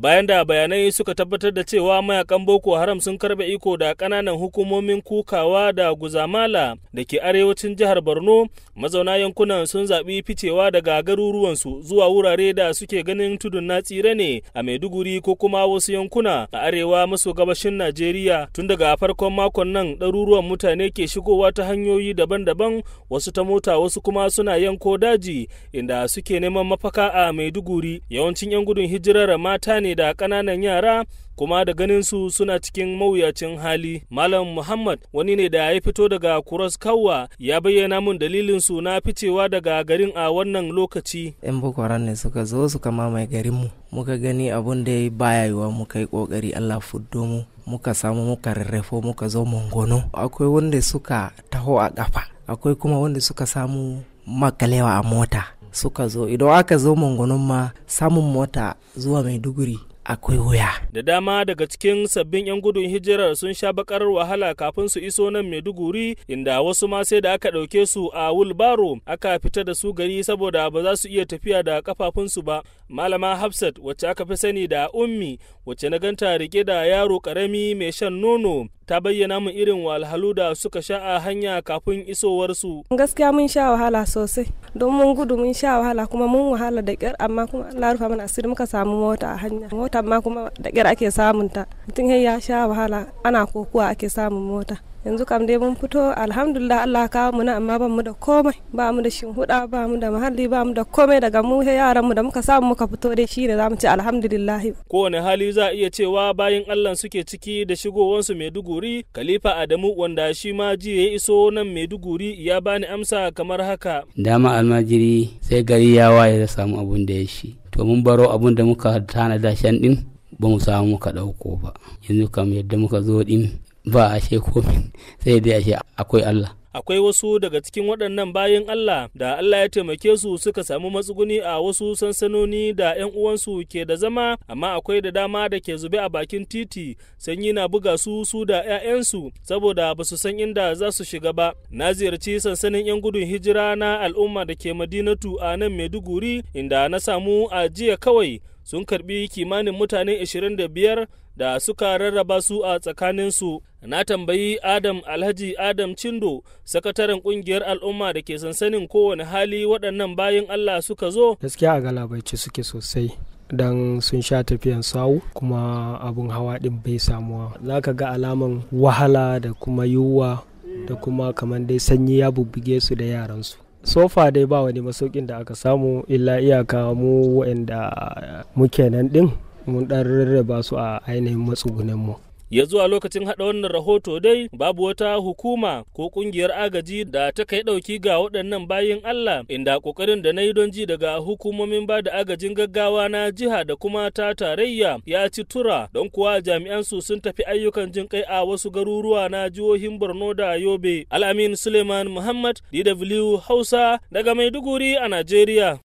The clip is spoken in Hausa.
bayan da bayanai suka tabbatar da cewa mayakan boko haram sun karbe iko da kananan hukumomin kukawa da guzamala da ke arewacin jihar borno mazauna yankunan sun zaɓi ficewa daga garuruwansu zuwa wurare da suke ganin tudun na tsire ne a maiduguri ko kuma wasu yankuna a arewa maso gabashin najeriya tun daga farkon makon nan ɗaruruwan mutane ke shigowa ta hanyoyi daban-daban wasu ta mota wasu kuma suna yanko daji inda suke neman mafaka a maiduguri yawancin 'yan gudun hijirar mata ne da ƙananan yara kuma da ganinsu suna cikin mawuyacin hali malam muhammad wani ne da ya fito daga kuros kawwa ya bayyana mun dalilin su na ficewa daga garin a wannan lokaci yan bukwaran ne suka zo suka mamaye mu muka gani abun da ya baya yiwa muka yi kokari allah fuddo mu muka samu muka rarrafo muka zo mongono akwai wanda suka taho a kafa akwai kuma wanda suka samu makalewa a mota suka zo idan aka zo mangonon ma samun mota zuwa maiduguri akwai wuya. Da dama daga cikin sabbin 'yan gudun hijirar sun sha bakar wahala kafin su iso nan mai duguri inda wasu ma sai da aka ɗauke su a wulbaro aka fita da su gari saboda ba za su iya tafiya da kafafunsu ba. Malama Hafsat wacce aka fi sani da Ummi wacce na ganta rike da yaro karami mai shan nono ta bayyana mu irin walhalu da suka sha a hanya kafin isowarsu. Gaskiya mun sha wahala sosai. don mun gudu mun sha wahala kuma mun wahala da kyar amma kuma Allah rufa mana asiri muka samu mota a hanya mota ma kuma da kyar ake samunta tun ya sha wahala ana kokuwa ake samun mota yanzu kam dai mun fito alhamdulillah Allah kawo mu na amma ba mu da komai ba mu da shinhuda ba mu da muhalli ba mu da komai daga mu yaran mu da muka samu muka fito dai shi ne zamu ce alhamdulillah kowane hali za iya cewa bayan Allah suke ciki da shigowar su Maiduguri Khalifa Adamu wanda shi ma jiya ya iso nan Maiduguri ya bani amsa kamar haka dama almajiri sai gari ya waye da samu abun da ya shi to mun baro abun da muka tanada shan din ba mu samu muka dauko ba yanzu kam yadda muka zo din ba ce komi sai dai a ce akwai Allah akwai wasu daga cikin waɗannan bayan Allah da Allah ya taimake su suka samu matsuguni a wasu sansanoni da 'yan uwansu ke da zama amma akwai da dama da ke zube a bakin titi sanyi na buga su su da 'ya'yansu saboda ba su san inda za su shiga ba na ziyarci sansanin 'yan gudun hijira na al'umma da ke madinatu a nan maiduguri inda na samu a jiya kawai sun karbi kimanin mutane 25 da suka rarraba su a tsakaninsu na tambayi adam alhaji adam cindo sakataren kungiyar al'umma da ke sansanin kowane hali waɗannan bayan allah suka zo gaskiya a galabaice suke sosai dan sun sha tafiyan sawu kuma abun hawa din bai samuwa za ka ga alaman wahala da kuma yiwuwa da kuma kamar dai sanyi ya bubbuge su da yaransu sofa dai ba wani masaukin da aka samu illa iyaka mu waɗanda muke nan ɗin mun ɗan rarraba su a ainihin matsugunan mu ya zuwa lokacin haɗa wannan rahoto dai babu wata hukuma ko ƙungiyar agaji da ta kai ɗauki ga waɗannan bayin Allah inda ƙoƙarin da na yi don ji daga hukumomin ba da agajin gaggawa na jiha da kuma ta tarayya ya ci tura don kuwa jami'an su sun tafi ayyukan jin kai a wasu garuruwa na jihohin Borno da Yobe. Al'amin Suleiman Muhammad DW Hausa daga Maiduguri a Najeriya.